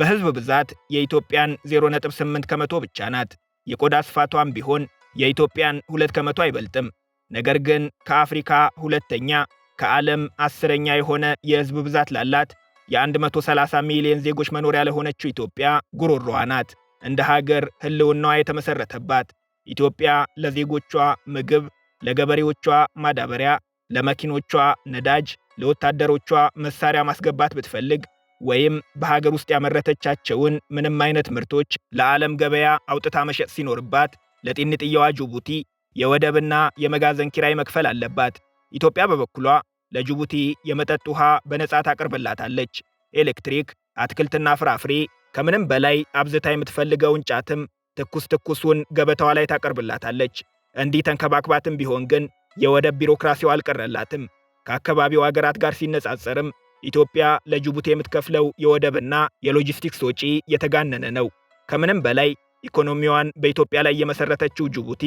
በህዝብ ብዛት የኢትዮጵያን 0.8 ከመቶ ብቻ ናት። የቆዳ ስፋቷም ቢሆን የኢትዮጵያን ሁለት ከመቶ አይበልጥም። ነገር ግን ከአፍሪካ ሁለተኛ ከዓለም አስረኛ የሆነ የህዝብ ብዛት ላላት የ130 ሚሊዮን ዜጎች መኖሪያ ለሆነችው ኢትዮጵያ ጉሮሮዋ ናት። እንደ ሀገር ህልውናዋ የተመሠረተባት ኢትዮጵያ ለዜጎቿ ምግብ፣ ለገበሬዎቿ ማዳበሪያ፣ ለመኪኖቿ ነዳጅ፣ ለወታደሮቿ መሳሪያ ማስገባት ብትፈልግ ወይም በሀገር ውስጥ ያመረተቻቸውን ምንም አይነት ምርቶች ለዓለም ገበያ አውጥታ መሸጥ ሲኖርባት ለጢንጥየዋ ጅቡቲ የወደብና የመጋዘን ኪራይ መክፈል አለባት። ኢትዮጵያ በበኩሏ ለጅቡቲ የመጠጥ ውሃ በነጻ ታቀርብላታለች። ኤሌክትሪክ፣ አትክልትና ፍራፍሬ፣ ከምንም በላይ አብዝታ የምትፈልገውን ጫትም ትኩስ ትኩሱን ገበታዋ ላይ ታቀርብላታለች። እንዲህ ተንከባክባትም ቢሆን ግን የወደብ ቢሮክራሲው አልቀረላትም። ከአካባቢው አገራት ጋር ሲነጻጸርም ኢትዮጵያ ለጅቡቲ የምትከፍለው የወደብና የሎጂስቲክስ ወጪ የተጋነነ ነው። ከምንም በላይ ኢኮኖሚዋን በኢትዮጵያ ላይ የመሰረተችው ጅቡቲ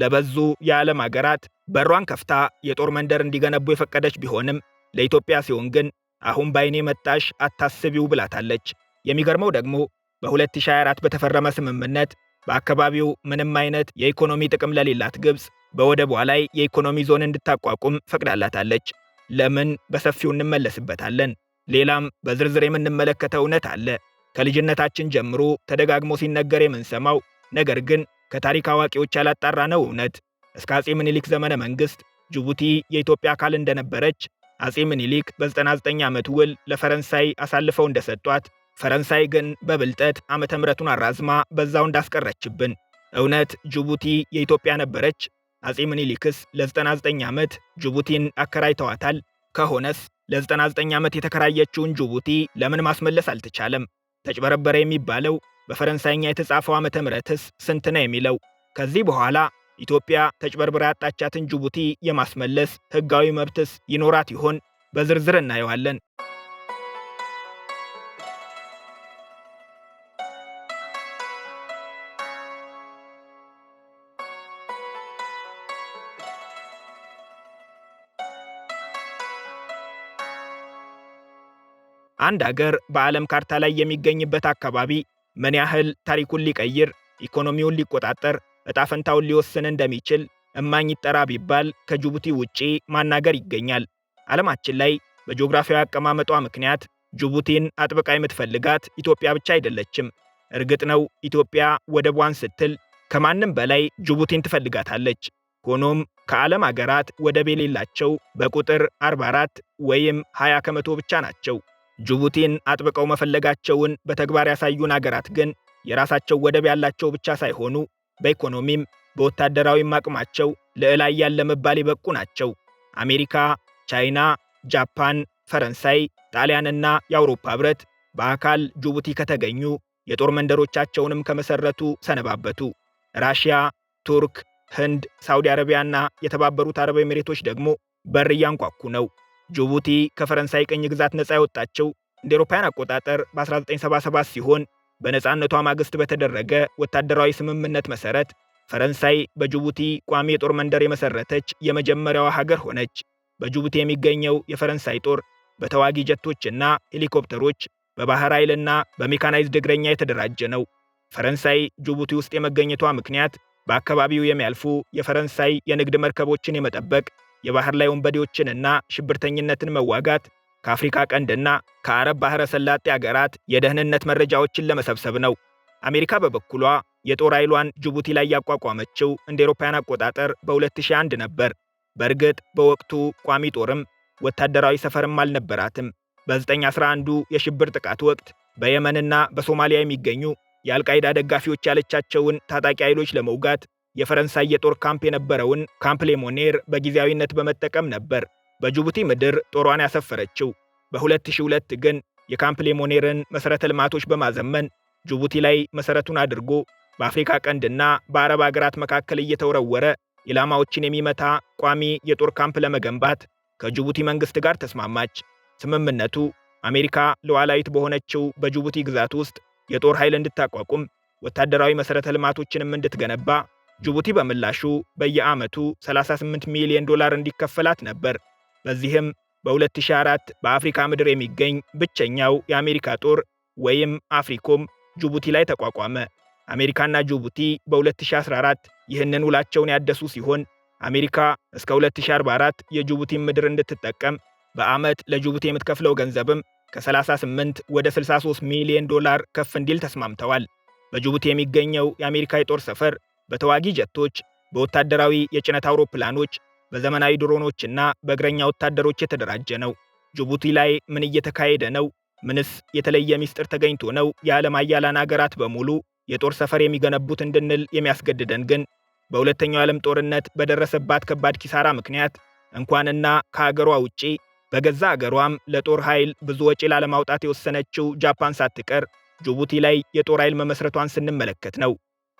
ለበዙ የዓለም አገራት በሯን ከፍታ የጦር መንደር እንዲገነቡ የፈቀደች ቢሆንም ለኢትዮጵያ ሲሆን ግን አሁን በዓይኔ መጣሽ አታስቢው ብላታለች። የሚገርመው ደግሞ በ2024 በተፈረመ ስምምነት በአካባቢው ምንም አይነት የኢኮኖሚ ጥቅም ለሌላት ግብፅ በወደቧ ላይ የኢኮኖሚ ዞን እንድታቋቁም ፈቅዳላታለች። ለምን በሰፊው እንመለስበታለን። ሌላም በዝርዝር የምንመለከተው እውነት አለ። ከልጅነታችን ጀምሮ ተደጋግሞ ሲነገር የምንሰማው ነገር ግን ከታሪክ አዋቂዎች ያላጣራ ነው እውነት እስከ አጼ ምኒልክ ዘመነ መንግሥት ጅቡቲ የኢትዮጵያ አካል እንደነበረች፣ አጼ ምኒልክ በ99 ዓመት ውል ለፈረንሳይ አሳልፈው እንደሰጧት፣ ፈረንሳይ ግን በብልጠት ዓመተ ምሕረቱን አራዝማ በዛው እንዳስቀረችብን። እውነት ጅቡቲ የኢትዮጵያ ነበረች? አጼ ምኒሊክስ ለ99 ዓመት ጅቡቲን አከራይተዋታል። ከሆነስ ለ99 ዓመት የተከራየችውን ጅቡቲ ለምን ማስመለስ አልተቻለም? ተጭበረበረ የሚባለው በፈረንሳይኛ የተጻፈው ዓመተ ምሕረትስ ስንት ነው የሚለው። ከዚህ በኋላ ኢትዮጵያ ተጭበርብራ ያጣቻትን ጅቡቲ የማስመለስ ሕጋዊ መብትስ ይኖራት ይሆን? በዝርዝር እናየዋለን። አንድ አገር በዓለም ካርታ ላይ የሚገኝበት አካባቢ ምን ያህል ታሪኩን ሊቀይር፣ ኢኮኖሚውን ሊቆጣጠር፣ እጣፈንታውን ሊወስን እንደሚችል እማኝ ጠራ ቢባል ከጅቡቲ ውጪ ማናገር ይገኛል። ዓለማችን ላይ በጂኦግራፊያዊ አቀማመጧ ምክንያት ጅቡቲን አጥብቃ የምትፈልጋት ኢትዮጵያ ብቻ አይደለችም። እርግጥ ነው ኢትዮጵያ ወደቧን ስትል ከማንም በላይ ጅቡቲን ትፈልጋታለች። ሆኖም ከዓለም አገራት ወደብ የሌላቸው በቁጥር 44 ወይም 20 ከመቶ ብቻ ናቸው። ጅቡቲን አጥብቀው መፈለጋቸውን በተግባር ያሳዩን አገራት ግን የራሳቸው ወደብ ያላቸው ብቻ ሳይሆኑ በኢኮኖሚም በወታደራዊም አቅማቸው ልዕላ ያለ ለመባል የበቁ ናቸው። አሜሪካ፣ ቻይና፣ ጃፓን፣ ፈረንሳይ፣ ጣሊያንና የአውሮፓ ኅብረት በአካል ጅቡቲ ከተገኙ የጦር መንደሮቻቸውንም ከመሠረቱ ሰነባበቱ። ራሽያ፣ ቱርክ፣ ህንድ፣ ሳውዲ አረቢያና የተባበሩት አረብ ኤሚሬቶች ደግሞ በር እያንኳኩ ነው። ጅቡቲ ከፈረንሳይ ቅኝ ግዛት ነፃ የወጣችው እንደ አውሮፓውያን አቆጣጠር በ1977 ሲሆን በነፃነቷ ማግስት በተደረገ ወታደራዊ ስምምነት መሰረት ፈረንሳይ በጅቡቲ ቋሚ የጦር መንደር የመሰረተች የመጀመሪያዋ ሀገር ሆነች። በጅቡቲ የሚገኘው የፈረንሳይ ጦር በተዋጊ ጀቶችና ሄሊኮፕተሮች በባህር ኃይልና በሜካናይዝድ እግረኛ የተደራጀ ነው። ፈረንሳይ ጅቡቲ ውስጥ የመገኘቷ ምክንያት በአካባቢው የሚያልፉ የፈረንሳይ የንግድ መርከቦችን የመጠበቅ የባህር ላይ ወንበዴዎችንና ሽብርተኝነትን መዋጋት ከአፍሪካ ቀንድና ከአረብ ባሕረ ሰላጤ አገራት የደህንነት መረጃዎችን ለመሰብሰብ ነው። አሜሪካ በበኩሏ የጦር ኃይሏን ጅቡቲ ላይ ያቋቋመችው እንደ ኤሮፓያን አቆጣጠር በ2001 ነበር። በእርግጥ በወቅቱ ቋሚ ጦርም ወታደራዊ ሰፈርም አልነበራትም። በ911ዱ የሽብር ጥቃት ወቅት በየመንና በሶማሊያ የሚገኙ የአልቃይዳ ደጋፊዎች ያለቻቸውን ታጣቂ ኃይሎች ለመውጋት የፈረንሳይ የጦር ካምፕ የነበረውን ካምፕ ሌሞኔር በጊዜያዊነት በመጠቀም ነበር በጅቡቲ ምድር ጦሯን ያሰፈረችው። በ2002 ግን የካምፕ ሌሞኔርን መሠረተ ልማቶች በማዘመን ጅቡቲ ላይ መሠረቱን አድርጎ በአፍሪካ ቀንድና በአረብ አገራት መካከል እየተወረወረ ኢላማዎችን የሚመታ ቋሚ የጦር ካምፕ ለመገንባት ከጅቡቲ መንግሥት ጋር ተስማማች። ስምምነቱ አሜሪካ ሉዓላዊት በሆነችው በጅቡቲ ግዛት ውስጥ የጦር ኃይል እንድታቋቁም ወታደራዊ መሠረተ ልማቶችንም እንድትገነባ ጅቡቲ በምላሹ በየዓመቱ 38 ሚሊዮን ዶላር እንዲከፈላት ነበር። በዚህም በ2004 በአፍሪካ ምድር የሚገኝ ብቸኛው የአሜሪካ ጦር ወይም አፍሪኮም ጅቡቲ ላይ ተቋቋመ። አሜሪካና ጅቡቲ በ2014 ይህንን ውላቸውን ያደሱ ሲሆን አሜሪካ እስከ 2044 የጅቡቲን ምድር እንድትጠቀም በዓመት ለጅቡቲ የምትከፍለው ገንዘብም ከ38 ወደ 63 ሚሊዮን ዶላር ከፍ እንዲል ተስማምተዋል። በጅቡቲ የሚገኘው የአሜሪካ የጦር ሰፈር በተዋጊ ጀቶች፣ በወታደራዊ የጭነት አውሮፕላኖች፣ በዘመናዊ ድሮኖችና በእግረኛ ወታደሮች የተደራጀ ነው። ጅቡቲ ላይ ምን እየተካሄደ ነው? ምንስ የተለየ ሚስጥር ተገኝቶ ነው የዓለም አያላን አገራት በሙሉ የጦር ሰፈር የሚገነቡት እንድንል የሚያስገድደን? ግን በሁለተኛው የዓለም ጦርነት በደረሰባት ከባድ ኪሳራ ምክንያት እንኳንና ከአገሯ ውጪ በገዛ አገሯም ለጦር ኃይል ብዙ ወጪ ላለማውጣት የወሰነችው ጃፓን ሳትቀር ጅቡቲ ላይ የጦር ኃይል መመስረቷን ስንመለከት ነው።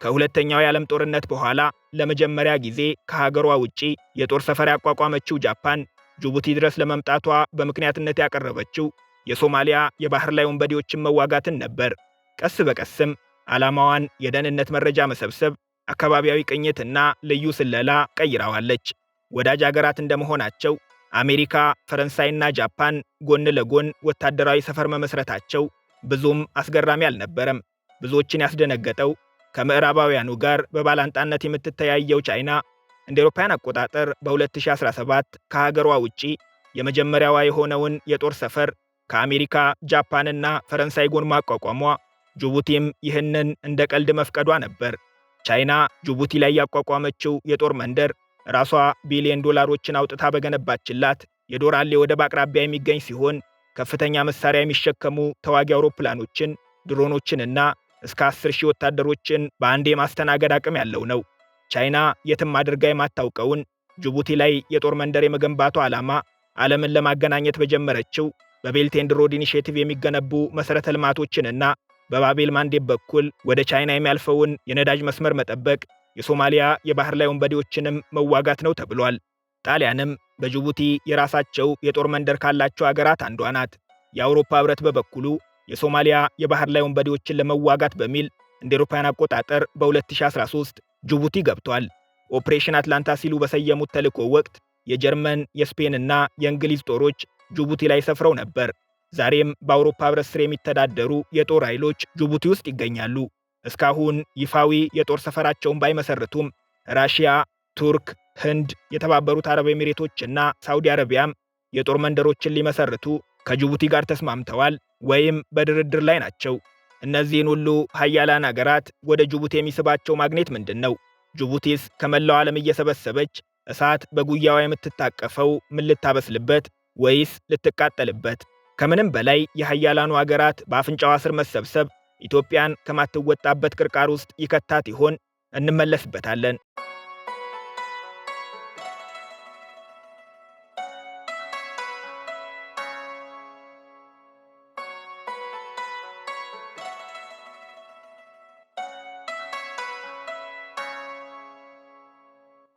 ከሁለተኛው የዓለም ጦርነት በኋላ ለመጀመሪያ ጊዜ ከሀገሯ ውጪ የጦር ሰፈር ያቋቋመችው ጃፓን ጅቡቲ ድረስ ለመምጣቷ በምክንያትነት ያቀረበችው የሶማሊያ የባህር ላይ ወንበዴዎችን መዋጋትን ነበር። ቀስ በቀስም ዓላማዋን የደህንነት መረጃ መሰብሰብ፣ አካባቢያዊ ቅኝትና ልዩ ስለላ ቀይራዋለች። ወዳጅ አገራት እንደመሆናቸው አሜሪካ፣ ፈረንሳይና ጃፓን ጎን ለጎን ወታደራዊ ሰፈር መመስረታቸው ብዙም አስገራሚ አልነበረም። ብዙዎችን ያስደነገጠው ከምዕራባውያኑ ጋር በባላንጣነት የምትተያየው ቻይና እንደ አውሮፓውያን አቆጣጠር በ2017 ከሀገሯ ውጪ የመጀመሪያዋ የሆነውን የጦር ሰፈር ከአሜሪካ ጃፓንና ፈረንሳይ ጎን ማቋቋሟ፣ ጅቡቲም ይህንን እንደ ቀልድ መፍቀዷ ነበር። ቻይና ጅቡቲ ላይ ያቋቋመችው የጦር መንደር ራሷ ቢሊዮን ዶላሮችን አውጥታ በገነባችላት የዶራሌ ወደብ አቅራቢያ የሚገኝ ሲሆን ከፍተኛ መሳሪያ የሚሸከሙ ተዋጊ አውሮፕላኖችን፣ ድሮኖችንና እስከ 10 ሺህ ወታደሮችን በአንድ የማስተናገድ አቅም ያለው ነው። ቻይና የትም አድርጋ የማታውቀውን ጅቡቲ ላይ የጦር መንደር የመገንባቱ ዓላማ ዓለምን ለማገናኘት በጀመረችው በቤልት ኤንድ ሮድ ኢኒሼቲቭ የሚገነቡ መሠረተ ልማቶችንና በባቤል ማንዴብ በኩል ወደ ቻይና የሚያልፈውን የነዳጅ መስመር መጠበቅ፣ የሶማሊያ የባህር ላይ ወንበዴዎችንም መዋጋት ነው ተብሏል። ጣሊያንም በጅቡቲ የራሳቸው የጦር መንደር ካላቸው አገራት አንዷ ናት። የአውሮፓ ህብረት በበኩሉ የሶማሊያ የባህር ላይ ወንበዴዎችን ለመዋጋት በሚል እንደ አውሮፓውያን አቆጣጠር በ2013 ጅቡቲ ገብቷል። ኦፕሬሽን አትላንታ ሲሉ በሰየሙት ተልዕኮ ወቅት የጀርመን የስፔንና የእንግሊዝ ጦሮች ጅቡቲ ላይ ሰፍረው ነበር። ዛሬም በአውሮፓ ህብረት ስር የሚተዳደሩ የጦር ኃይሎች ጅቡቲ ውስጥ ይገኛሉ። እስካሁን ይፋዊ የጦር ሰፈራቸውን ባይመሰርቱም ራሽያ፣ ቱርክ፣ ህንድ፣ የተባበሩት አረብ ኤሚሬቶች እና ሳውዲ አረቢያም የጦር መንደሮችን ሊመሰርቱ ከጅቡቲ ጋር ተስማምተዋል ወይም በድርድር ላይ ናቸው። እነዚህን ሁሉ ሀያላን አገራት ወደ ጅቡቲ የሚስባቸው ማግኔት ምንድን ነው? ጅቡቲስ ከመላው ዓለም እየሰበሰበች እሳት በጉያዋ የምትታቀፈው ምን ልታበስልበት ወይስ ልትቃጠልበት? ከምንም በላይ የሀያላኑ አገራት በአፍንጫዋ ስር መሰብሰብ ኢትዮጵያን ከማትወጣበት ቅርቃር ውስጥ ይከታት ይሆን? እንመለስበታለን።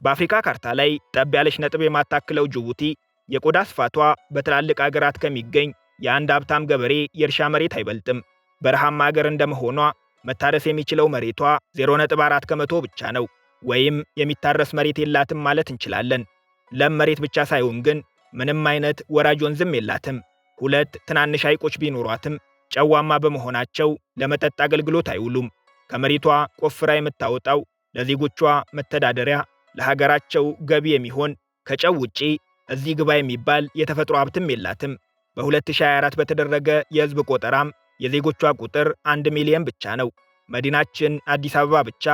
በአፍሪካ ካርታ ላይ ጠብ ያለች ነጥብ የማታክለው ጅቡቲ የቆዳ ስፋቷ በትላልቅ አገራት ከሚገኝ የአንድ ሀብታም ገበሬ የእርሻ መሬት አይበልጥም። በረሃማ አገር እንደመሆኗ መታረስ የሚችለው መሬቷ 0.4 ከመቶ ብቻ ነው፣ ወይም የሚታረስ መሬት የላትም ማለት እንችላለን። ለም መሬት ብቻ ሳይሆን ግን ምንም አይነት ወራጅ ወንዝም የላትም። ሁለት ትናንሽ ሐይቆች ቢኖሯትም ጨዋማ በመሆናቸው ለመጠጥ አገልግሎት አይውሉም። ከመሬቷ ቆፍራ የምታወጣው ለዜጎቿ መተዳደሪያ ለሀገራቸው ገቢ የሚሆን ከጨው ውጪ እዚህ ግባ የሚባል የተፈጥሮ ሀብትም የላትም። በ2024 በተደረገ የህዝብ ቆጠራም የዜጎቿ ቁጥር አንድ ሚሊየን ብቻ ነው። መዲናችን አዲስ አበባ ብቻ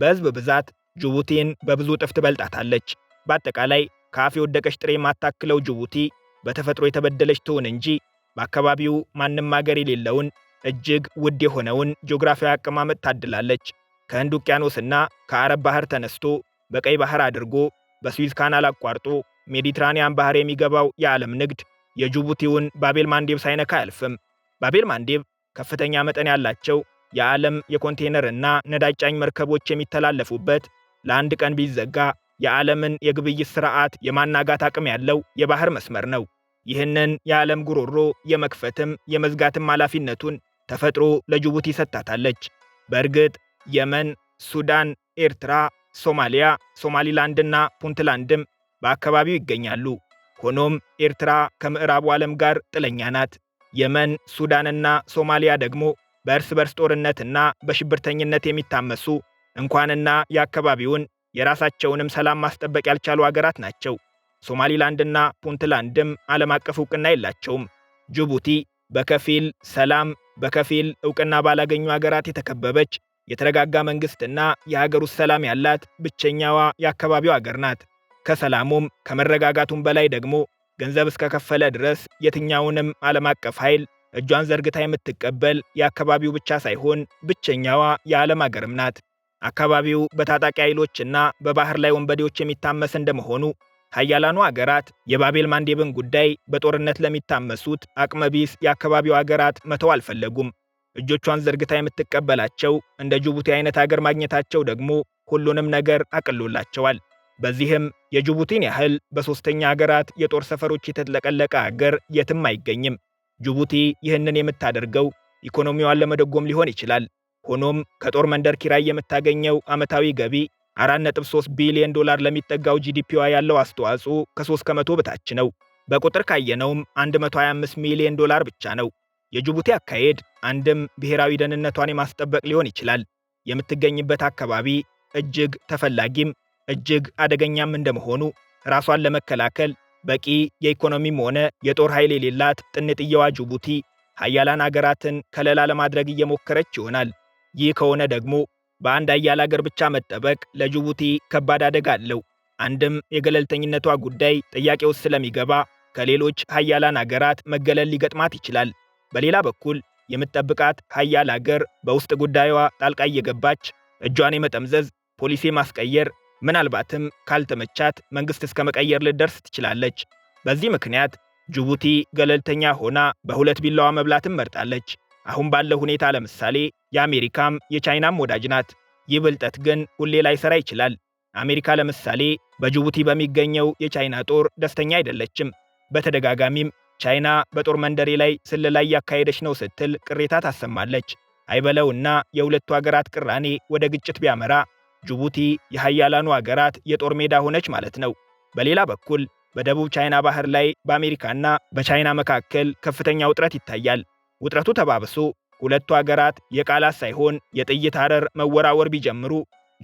በህዝብ ብዛት ጅቡቲን በብዙ ጥፍት በልጣታለች። በአጠቃላይ ከአፍ የወደቀች ጥሬ የማታክለው ጅቡቲ በተፈጥሮ የተበደለች ትሁን እንጂ በአካባቢው ማንም አገር የሌለውን እጅግ ውድ የሆነውን ጂኦግራፊያዊ አቀማመጥ ታድላለች። ከህንድ ውቅያኖስና ከአረብ ባህር ተነስቶ በቀይ ባህር አድርጎ በስዊዝ ካናል አቋርጦ ሜዲትራኒያን ባህር የሚገባው የዓለም ንግድ የጅቡቲውን ባቤል ማንዴብ ሳይነካ አያልፍም። ባቤል ማንዴብ ከፍተኛ መጠን ያላቸው የዓለም የኮንቴነር እና ነዳጅ ጫኝ መርከቦች የሚተላለፉበት ለአንድ ቀን ቢዘጋ የዓለምን የግብይት ሥርዓት የማናጋት አቅም ያለው የባህር መስመር ነው። ይህንን የዓለም ጉሮሮ የመክፈትም የመዝጋትም ኃላፊነቱን ተፈጥሮ ለጅቡቲ ሰጥታታለች። በእርግጥ የመን፣ ሱዳን፣ ኤርትራ፣ ሶማሊያ፣ ሶማሊላንድና ፑንትላንድም በአካባቢው ይገኛሉ። ሆኖም ኤርትራ ከምዕራቡ ዓለም ጋር ጥለኛ ናት። የመን፣ ሱዳንና ሶማሊያ ደግሞ በእርስ በርስ ጦርነትና በሽብርተኝነት የሚታመሱ እንኳንና የአካባቢውን የራሳቸውንም ሰላም ማስጠበቅ ያልቻሉ አገራት ናቸው። ሶማሊላንድና ፑንትላንድም ዓለም አቀፍ እውቅና የላቸውም። ጅቡቲ በከፊል ሰላም በከፊል እውቅና ባላገኙ አገራት የተከበበች የተረጋጋ መንግስትና የሀገር ውስጥ ሰላም ያላት ብቸኛዋ የአካባቢው አገር ናት። ከሰላሙም ከመረጋጋቱም በላይ ደግሞ ገንዘብ እስከከፈለ ድረስ የትኛውንም ዓለም አቀፍ ኃይል እጇን ዘርግታ የምትቀበል የአካባቢው ብቻ ሳይሆን ብቸኛዋ የዓለም አገርም ናት። አካባቢው በታጣቂ ኃይሎችና በባህር ላይ ወንበዴዎች የሚታመስ እንደመሆኑ ሀያላኑ አገራት የባቤል ማንዴብን ጉዳይ በጦርነት ለሚታመሱት አቅመቢስ የአካባቢው አገራት መተው አልፈለጉም። እጆቿን ዘርግታ የምትቀበላቸው እንደ ጅቡቲ አይነት አገር ማግኘታቸው ደግሞ ሁሉንም ነገር አቅሎላቸዋል። በዚህም የጅቡቲን ያህል በሦስተኛ አገራት የጦር ሰፈሮች የተጥለቀለቀ አገር የትም አይገኝም። ጅቡቲ ይህንን የምታደርገው ኢኮኖሚዋን ለመደጎም ሊሆን ይችላል። ሆኖም ከጦር መንደር ኪራይ የምታገኘው ዓመታዊ ገቢ 4.3 ቢሊዮን ዶላር ለሚጠጋው ጂዲፒዋ ያለው አስተዋጽኦ ከ3 ከመቶ በታች ነው። በቁጥር ካየነውም 125 ሚሊዮን ዶላር ብቻ ነው። የጅቡቲ አካሄድ አንድም ብሔራዊ ደህንነቷን የማስጠበቅ ሊሆን ይችላል። የምትገኝበት አካባቢ እጅግ ተፈላጊም እጅግ አደገኛም እንደመሆኑ ራሷን ለመከላከል በቂ የኢኮኖሚም ሆነ የጦር ኃይል የሌላት ጥንጥየዋ ጅቡቲ ሀያላን አገራትን ከለላ ለማድረግ እየሞከረች ይሆናል። ይህ ከሆነ ደግሞ በአንድ አያል አገር ብቻ መጠበቅ ለጅቡቲ ከባድ አደጋ አለው። አንድም የገለልተኝነቷ ጉዳይ ጥያቄ ውስጥ ስለሚገባ ከሌሎች ሀያላን አገራት መገለል ሊገጥማት ይችላል። በሌላ በኩል የምትጠብቃት ሀያል አገር በውስጥ ጉዳይዋ ጣልቃ እየገባች እጇን የመጠምዘዝ ፖሊሲ ማስቀየር፣ ምናልባትም ካልተመቻት መንግስት እስከ መቀየር ልደርስ ትችላለች። በዚህ ምክንያት ጅቡቲ ገለልተኛ ሆና በሁለት ቢላዋ መብላትም መርጣለች። አሁን ባለው ሁኔታ ለምሳሌ የአሜሪካም የቻይናም ወዳጅ ናት። ይህ ብልጠት ግን ሁሌ ላይሰራ ይችላል። አሜሪካ ለምሳሌ በጅቡቲ በሚገኘው የቻይና ጦር ደስተኛ አይደለችም። በተደጋጋሚም ቻይና በጦር መንደሬ ላይ ስለላ እያካሄደች ነው ስትል ቅሬታ ታሰማለች። አይበለውና የሁለቱ አገራት ቅራኔ ወደ ግጭት ቢያመራ ጅቡቲ የሀያላኑ አገራት የጦር ሜዳ ሆነች ማለት ነው። በሌላ በኩል በደቡብ ቻይና ባህር ላይ በአሜሪካና በቻይና መካከል ከፍተኛ ውጥረት ይታያል። ውጥረቱ ተባብሶ ሁለቱ አገራት የቃላት ሳይሆን የጥይት አረር መወራወር ቢጀምሩ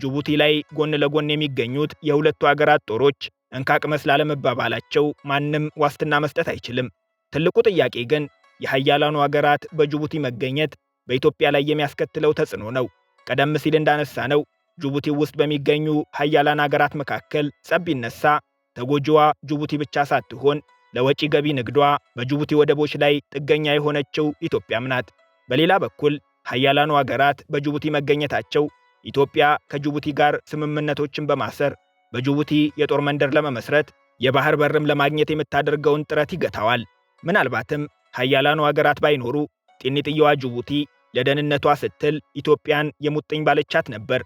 ጅቡቲ ላይ ጎን ለጎን የሚገኙት የሁለቱ አገራት ጦሮች እንካቅመስ ላለመባባላቸው ማንም ዋስትና መስጠት አይችልም። ትልቁ ጥያቄ ግን የሀያላኑ አገራት በጅቡቲ መገኘት በኢትዮጵያ ላይ የሚያስከትለው ተጽዕኖ ነው። ቀደም ሲል እንዳነሳ ነው ጅቡቲ ውስጥ በሚገኙ ሀያላን አገራት መካከል ጸብ ይነሳ፣ ተጎጂዋ ጅቡቲ ብቻ ሳትሆን ለወጪ ገቢ ንግዷ በጅቡቲ ወደቦች ላይ ጥገኛ የሆነችው ኢትዮጵያም ናት። በሌላ በኩል ሀያላኑ አገራት በጅቡቲ መገኘታቸው ኢትዮጵያ ከጅቡቲ ጋር ስምምነቶችን በማሰር በጅቡቲ የጦር መንደር ለመመስረት የባህር በርም ለማግኘት የምታደርገውን ጥረት ይገታዋል። ምናልባትም ሀያላኑ አገራት ባይኖሩ ጤንጥየዋ ጅቡቲ ለደህንነቷ ስትል ኢትዮጵያን የሙጥኝ ባለቻት ነበር።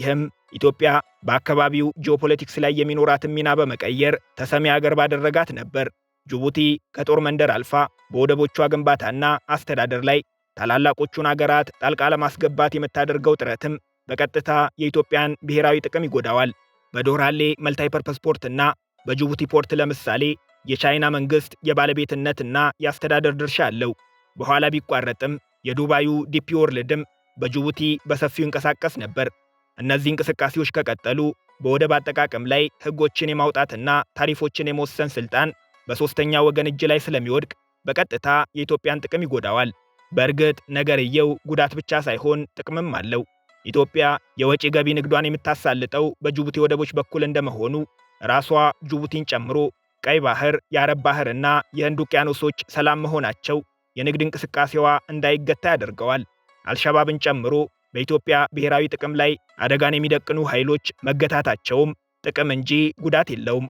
ይህም ኢትዮጵያ በአካባቢው ጂኦፖለቲክስ ላይ የሚኖራትን ሚና በመቀየር ተሰሚ አገር ባደረጋት ነበር። ጅቡቲ ከጦር መንደር አልፋ በወደቦቿ ግንባታና አስተዳደር ላይ ታላላቆቹን አገራት ጣልቃ ለማስገባት የምታደርገው ጥረትም በቀጥታ የኢትዮጵያን ብሔራዊ ጥቅም ይጎዳዋል። በዶራሌ መልታይፐርፐስ ፖርትና በጅቡቲ ፖርት ለምሳሌ የቻይና መንግሥት የባለቤትነትና የአስተዳደር ድርሻ አለው። በኋላ ቢቋረጥም የዱባዩ ዲፒ ወርልድም በጅቡቲ በሰፊው ይንቀሳቀስ ነበር። እነዚህ እንቅስቃሴዎች ከቀጠሉ በወደብ አጠቃቀም ላይ ሕጎችን የማውጣትና ታሪፎችን የመወሰን ሥልጣን በሦስተኛ ወገን እጅ ላይ ስለሚወድቅ በቀጥታ የኢትዮጵያን ጥቅም ይጎዳዋል። በእርግጥ ነገርየው ጉዳት ብቻ ሳይሆን ጥቅምም አለው። ኢትዮጵያ የወጪ ገቢ ንግዷን የምታሳልጠው በጅቡቲ ወደቦች በኩል እንደመሆኑ ራሷ ጅቡቲን ጨምሮ ቀይ ባህር፣ የአረብ ባህር እና የህንድ ውቅያኖሶች ሰላም መሆናቸው የንግድ እንቅስቃሴዋ እንዳይገታ ያደርገዋል። አልሸባብን ጨምሮ በኢትዮጵያ ብሔራዊ ጥቅም ላይ አደጋን የሚደቅኑ ኃይሎች መገታታቸውም ጥቅም እንጂ ጉዳት የለውም።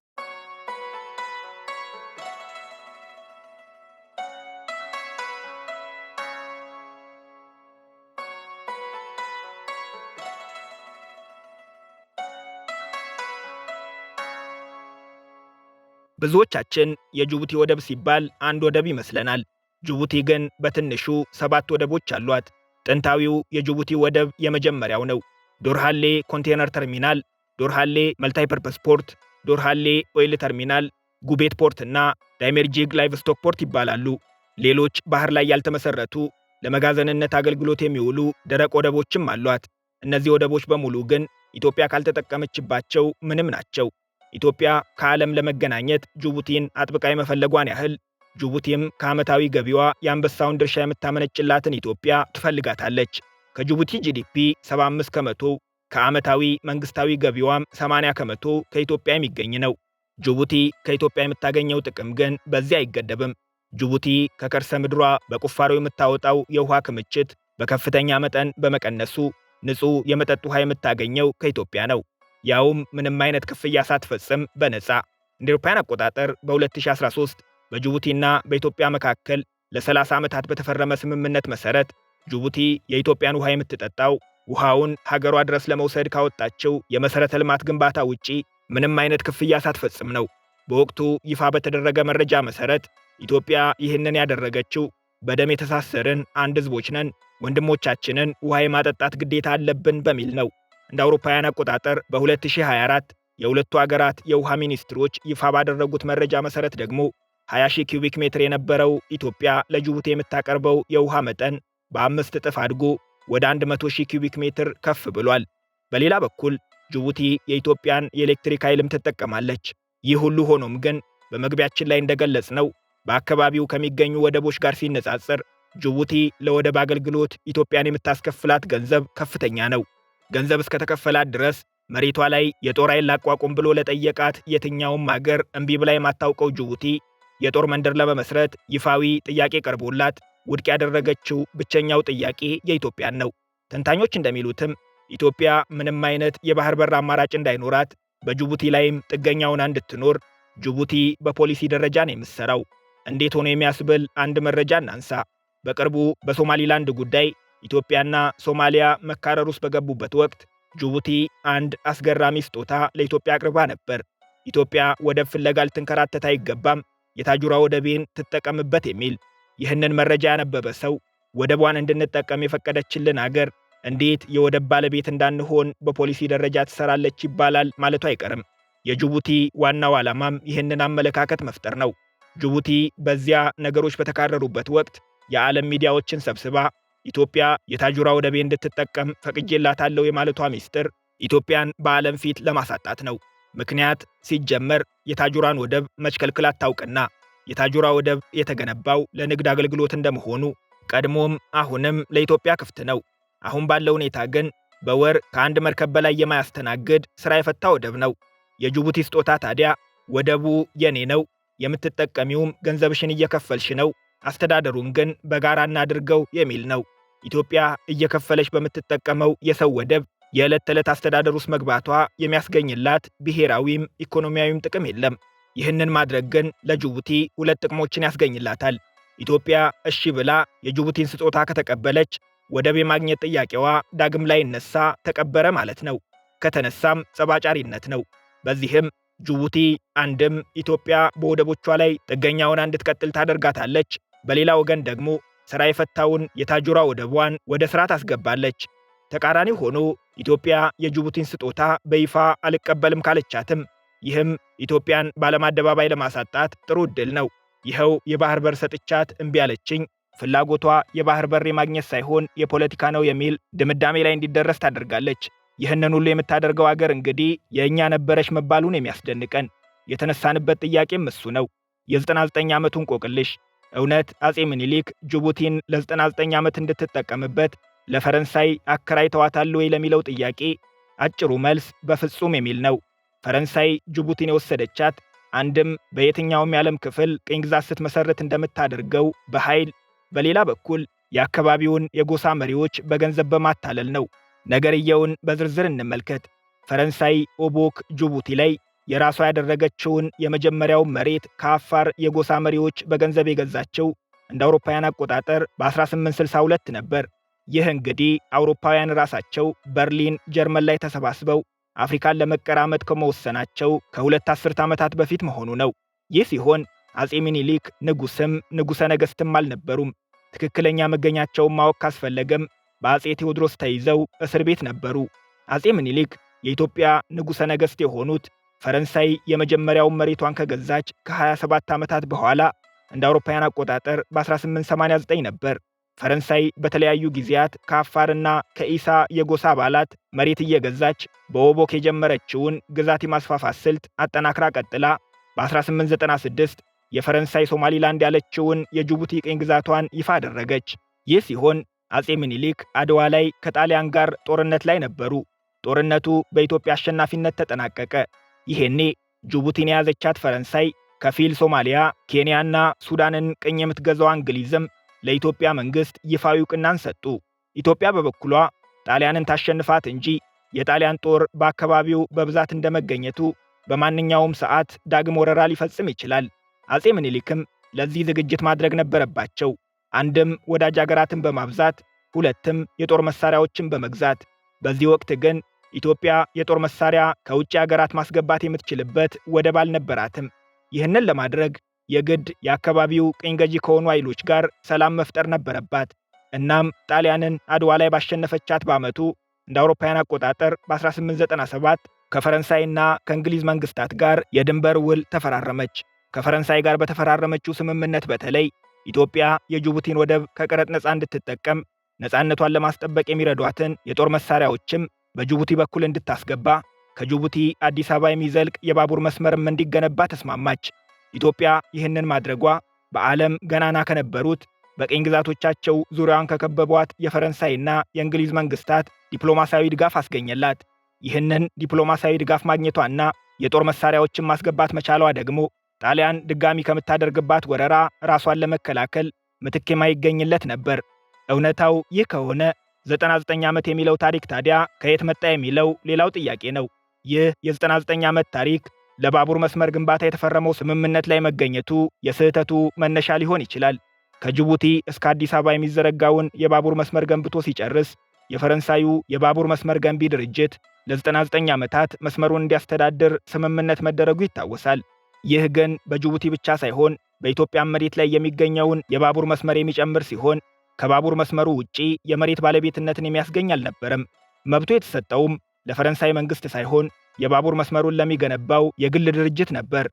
ብዙዎቻችን የጅቡቲ ወደብ ሲባል አንድ ወደብ ይመስለናል። ጅቡቲ ግን በትንሹ ሰባት ወደቦች አሏት። ጥንታዊው የጅቡቲ ወደብ የመጀመሪያው ነው። ዶርሃሌ ኮንቴነር ተርሚናል፣ ዶርሃሌ መልታይፐርፐስ ፖርት፣ ዶርሃሌ ኦይል ተርሚናል፣ ጉቤት ፖርት እና ዳይሜርጂግ ላይቭስቶክ ፖርት ይባላሉ። ሌሎች ባህር ላይ ያልተመሰረቱ ለመጋዘንነት አገልግሎት የሚውሉ ደረቅ ወደቦችም አሏት። እነዚህ ወደቦች በሙሉ ግን ኢትዮጵያ ካልተጠቀመችባቸው ምንም ናቸው። ኢትዮጵያ ከዓለም ለመገናኘት ጅቡቲን አጥብቃ የመፈለጓን ያህል ጅቡቲም ከዓመታዊ ገቢዋ የአንበሳውን ድርሻ የምታመነጭላትን ኢትዮጵያ ትፈልጋታለች። ከጅቡቲ ጂዲፒ 75 ከመቶ ከዓመታዊ መንግሥታዊ ገቢዋም 80 ከመቶ ከኢትዮጵያ የሚገኝ ነው። ጅቡቲ ከኢትዮጵያ የምታገኘው ጥቅም ግን በዚህ አይገደብም። ጅቡቲ ከከርሰ ምድሯ በቁፋሮ የምታወጣው የውሃ ክምችት በከፍተኛ መጠን በመቀነሱ ንጹሕ የመጠጥ ውሃ የምታገኘው ከኢትዮጵያ ነው። ያውም ምንም አይነት ክፍያ ሳትፈጽም በነፃ እንደ አውሮፓውያን አቆጣጠር በ2013 በጅቡቲና በኢትዮጵያ መካከል ለ30 ዓመታት በተፈረመ ስምምነት መሠረት ጅቡቲ የኢትዮጵያን ውሃ የምትጠጣው ውሃውን ሀገሯ ድረስ ለመውሰድ ካወጣችው የመሠረተ ልማት ግንባታ ውጪ ምንም አይነት ክፍያ ሳትፈጽም ነው። በወቅቱ ይፋ በተደረገ መረጃ መሠረት ኢትዮጵያ ይህንን ያደረገችው በደም የተሳሰርን አንድ ሕዝቦች ነን፣ ወንድሞቻችንን ውሃ የማጠጣት ግዴታ አለብን በሚል ነው። እንደ አውሮፓውያን አቆጣጠር በ2024 የሁለቱ አገራት የውሃ ሚኒስትሮች ይፋ ባደረጉት መረጃ መሠረት ደግሞ 20 ሺህ ኪዩቢክ ሜትር የነበረው ኢትዮጵያ ለጅቡቲ የምታቀርበው የውሃ መጠን በአምስት እጥፍ አድጎ ወደ 100 ሺህ ኪዩቢክ ሜትር ከፍ ብሏል። በሌላ በኩል ጅቡቲ የኢትዮጵያን የኤሌክትሪክ ኃይልም ትጠቀማለች። ይህ ሁሉ ሆኖም ግን በመግቢያችን ላይ እንደገለጽ ነው በአካባቢው ከሚገኙ ወደቦች ጋር ሲነጻጸር ጅቡቲ ለወደብ አገልግሎት ኢትዮጵያን የምታስከፍላት ገንዘብ ከፍተኛ ነው። ገንዘብ እስከተከፈላት ድረስ መሬቷ ላይ የጦር ኃይል ላቋቁም ብሎ ለጠየቃት የትኛውም አገር እምቢ ብላ የማታውቀው ጅቡቲ የጦር መንደር ለመመስረት ይፋዊ ጥያቄ ቀርቦላት ውድቅ ያደረገችው ብቸኛው ጥያቄ የኢትዮጵያን ነው። ተንታኞች እንደሚሉትም ኢትዮጵያ ምንም አይነት የባህር በር አማራጭ እንዳይኖራት፣ በጅቡቲ ላይም ጥገኛውና እንድትኖር ጅቡቲ በፖሊሲ ደረጃ ነው የምትሰራው? እንዴት ሆኖ የሚያስብል አንድ መረጃ እናንሳ። በቅርቡ በሶማሊላንድ ጉዳይ ኢትዮጵያና ሶማሊያ መካረር ውስጥ በገቡበት ወቅት ጅቡቲ አንድ አስገራሚ ስጦታ ለኢትዮጵያ አቅርባ ነበር። ኢትዮጵያ ወደብ ፍለጋ ልትንከራተት አይገባም፣ የታጁራ ወደቤን ትጠቀምበት የሚል ይህንን መረጃ ያነበበ ሰው ወደቧን እንድንጠቀም የፈቀደችልን አገር እንዴት የወደብ ባለቤት እንዳንሆን በፖሊሲ ደረጃ ትሰራለች ይባላል ማለቱ አይቀርም። የጅቡቲ ዋናው ዓላማም ይህንን አመለካከት መፍጠር ነው። ጅቡቲ በዚያ ነገሮች በተካረሩበት ወቅት የዓለም ሚዲያዎችን ሰብስባ ኢትዮጵያ የታጁራ ወደቤ እንድትጠቀም ፈቅጄላታለሁ የማለቷ ሚስጥር ኢትዮጵያን በዓለም ፊት ለማሳጣት ነው። ምክንያት ሲጀመር የታጁራን ወደብ መችከልክል አታውቅና የታጁራ ወደብ የተገነባው ለንግድ አገልግሎት እንደመሆኑ ቀድሞም አሁንም ለኢትዮጵያ ክፍት ነው። አሁን ባለው ሁኔታ ግን በወር ከአንድ መርከብ በላይ የማያስተናግድ ሥራ የፈታ ወደብ ነው። የጅቡቲ ስጦታ ታዲያ ወደቡ የኔ ነው፣ የምትጠቀሚውም ገንዘብሽን እየከፈልሽ ነው አስተዳደሩን ግን በጋራ እናድርገው የሚል ነው። ኢትዮጵያ እየከፈለች በምትጠቀመው የሰው ወደብ የዕለት ተዕለት አስተዳደር ውስጥ መግባቷ የሚያስገኝላት ብሔራዊም ኢኮኖሚያዊም ጥቅም የለም። ይህንን ማድረግ ግን ለጅቡቲ ሁለት ጥቅሞችን ያስገኝላታል። ኢትዮጵያ እሺ ብላ የጅቡቲን ስጦታ ከተቀበለች ወደብ የማግኘት ጥያቄዋ ዳግም ላይነሳ ተቀበረ ማለት ነው። ከተነሳም ጸባጫሪነት ነው። በዚህም ጅቡቲ አንድም ኢትዮጵያ በወደቦቿ ላይ ጥገኛውን እንድትቀጥል ታደርጋታለች፣ በሌላ ወገን ደግሞ ሥራ የፈታውን የታጆራ ወደቧን ወደ ሥራ ታስገባለች። ተቃራኒ ሆኖ ኢትዮጵያ የጅቡቲን ስጦታ በይፋ አልቀበልም ካለቻትም ይህም ኢትዮጵያን በዓለም አደባባይ ለማሳጣት ጥሩ ዕድል ነው። ይኸው የባህር በር ሰጥቻት እምቢ አለችኝ፣ ፍላጎቷ የባህር በር የማግኘት ሳይሆን የፖለቲካ ነው የሚል ድምዳሜ ላይ እንዲደረስ ታደርጋለች። ይህንን ሁሉ የምታደርገው አገር እንግዲህ የእኛ ነበረች መባሉን የሚያስደንቀን የተነሳንበት ጥያቄም እሱ ነው። የ99 ዓመቱን ቆቅልሽ እውነት አጼ ምኒሊክ ጅቡቲን ለ99 ዓመት እንድትጠቀምበት ለፈረንሳይ አከራይተዋታል ወይ ለሚለው ጥያቄ አጭሩ መልስ በፍጹም የሚል ነው። ፈረንሳይ ጅቡቲን የወሰደቻት አንድም በየትኛውም የዓለም ክፍል ቅኝ ግዛት ስትመሠረት እንደምታደርገው በኃይል በሌላ በኩል የአካባቢውን የጎሳ መሪዎች በገንዘብ በማታለል ነው። ነገርየውን በዝርዝር እንመልከት። ፈረንሳይ ኦቦክ ጅቡቲ ላይ የራሷ ያደረገችውን የመጀመሪያው መሬት ከአፋር የጎሳ መሪዎች በገንዘብ የገዛቸው እንደ አውሮፓውያን አቆጣጠር በ1862 ነበር። ይህ እንግዲህ አውሮፓውያን ራሳቸው በርሊን ጀርመን ላይ ተሰባስበው አፍሪካን ለመቀራመጥ ከመወሰናቸው ከሁለት አስርት ዓመታት በፊት መሆኑ ነው። ይህ ሲሆን አጼ ሚኒሊክ ንጉሥም ንጉሠ ነገሥትም አልነበሩም። ትክክለኛ መገኛቸውን ማወቅ ካስፈለገም በአጼ ቴዎድሮስ ተይዘው እስር ቤት ነበሩ። አጼ ሚኒሊክ የኢትዮጵያ ንጉሠ ነገሥት የሆኑት ፈረንሳይ የመጀመሪያውን መሬቷን ከገዛች ከ27 ዓመታት በኋላ እንደ አውሮፓውያን አቆጣጠር በ1889 ነበር። ፈረንሳይ በተለያዩ ጊዜያት ከአፋርና ከኢሳ የጎሳ አባላት መሬት እየገዛች በወቦክ የጀመረችውን ግዛት የማስፋፋት ስልት አጠናክራ ቀጥላ በ1896 የፈረንሳይ ሶማሊላንድ ያለችውን የጅቡቲ ቅኝ ግዛቷን ይፋ አደረገች። ይህ ሲሆን አጼ ምኒልክ አድዋ ላይ ከጣሊያን ጋር ጦርነት ላይ ነበሩ። ጦርነቱ በኢትዮጵያ አሸናፊነት ተጠናቀቀ። ይሄኔ ጅቡቲን የያዘቻት ፈረንሳይ ከፊል ሶማሊያ፣ ኬንያና ሱዳንን ቅኝ የምትገዛው እንግሊዝም ለኢትዮጵያ መንግሥት ይፋዊ ዕውቅናን ሰጡ። ኢትዮጵያ በበኩሏ ጣሊያንን ታሸንፋት እንጂ የጣሊያን ጦር በአካባቢው በብዛት እንደመገኘቱ በማንኛውም ሰዓት ዳግም ወረራ ሊፈጽም ይችላል። አጼ ምኒልክም ለዚህ ዝግጅት ማድረግ ነበረባቸው። አንድም ወዳጅ አገራትን በማብዛት ሁለትም የጦር መሳሪያዎችን በመግዛት በዚህ ወቅት ግን ኢትዮጵያ የጦር መሳሪያ ከውጭ ሀገራት ማስገባት የምትችልበት ወደብ አልነበራትም። ይህንን ለማድረግ የግድ የአካባቢው ቅኝ ገዢ ከሆኑ ኃይሎች ጋር ሰላም መፍጠር ነበረባት። እናም ጣሊያንን አድዋ ላይ ባሸነፈቻት በዓመቱ እንደ አውሮፓውያን አቆጣጠር በ1897 ከፈረንሳይና ከእንግሊዝ መንግስታት ጋር የድንበር ውል ተፈራረመች። ከፈረንሳይ ጋር በተፈራረመችው ስምምነት በተለይ ኢትዮጵያ የጅቡቲን ወደብ ከቀረጥ ነፃ እንድትጠቀም ነፃነቷን ለማስጠበቅ የሚረዷትን የጦር መሳሪያዎችም በጅቡቲ በኩል እንድታስገባ ከጅቡቲ አዲስ አበባ የሚዘልቅ የባቡር መስመርም እንዲገነባ ተስማማች። ኢትዮጵያ ይህንን ማድረጓ በዓለም ገናና ከነበሩት በቅኝ ግዛቶቻቸው ዙሪያዋን ከከበቧት የፈረንሳይና የእንግሊዝ መንግስታት ዲፕሎማሲያዊ ድጋፍ አስገኘላት። ይህንን ዲፕሎማሲያዊ ድጋፍ ማግኘቷና የጦር መሳሪያዎችን ማስገባት መቻሏ ደግሞ ጣሊያን ድጋሚ ከምታደርግባት ወረራ ራሷን ለመከላከል ምትክ የማይገኝለት ነበር። እውነታው ይህ ከሆነ 99 ዓመት የሚለው ታሪክ ታዲያ ከየት መጣ የሚለው ሌላው ጥያቄ ነው። ይህ የ99 ዓመት ታሪክ ለባቡር መስመር ግንባታ የተፈረመው ስምምነት ላይ መገኘቱ የስህተቱ መነሻ ሊሆን ይችላል። ከጅቡቲ እስከ አዲስ አበባ የሚዘረጋውን የባቡር መስመር ገንብቶ ሲጨርስ የፈረንሳዩ የባቡር መስመር ገንቢ ድርጅት ለ99 ዓመታት መስመሩን እንዲያስተዳድር ስምምነት መደረጉ ይታወሳል። ይህ ግን በጅቡቲ ብቻ ሳይሆን በኢትዮጵያ መሬት ላይ የሚገኘውን የባቡር መስመር የሚጨምር ሲሆን ከባቡር መስመሩ ውጪ የመሬት ባለቤትነትን የሚያስገኝ አልነበረም። መብቱ የተሰጠውም ለፈረንሳይ መንግስት ሳይሆን የባቡር መስመሩን ለሚገነባው የግል ድርጅት ነበር።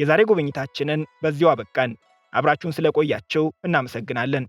የዛሬ ጉብኝታችንን በዚያው አበቃን። አብራችሁን ስለቆያችሁ እናመሰግናለን።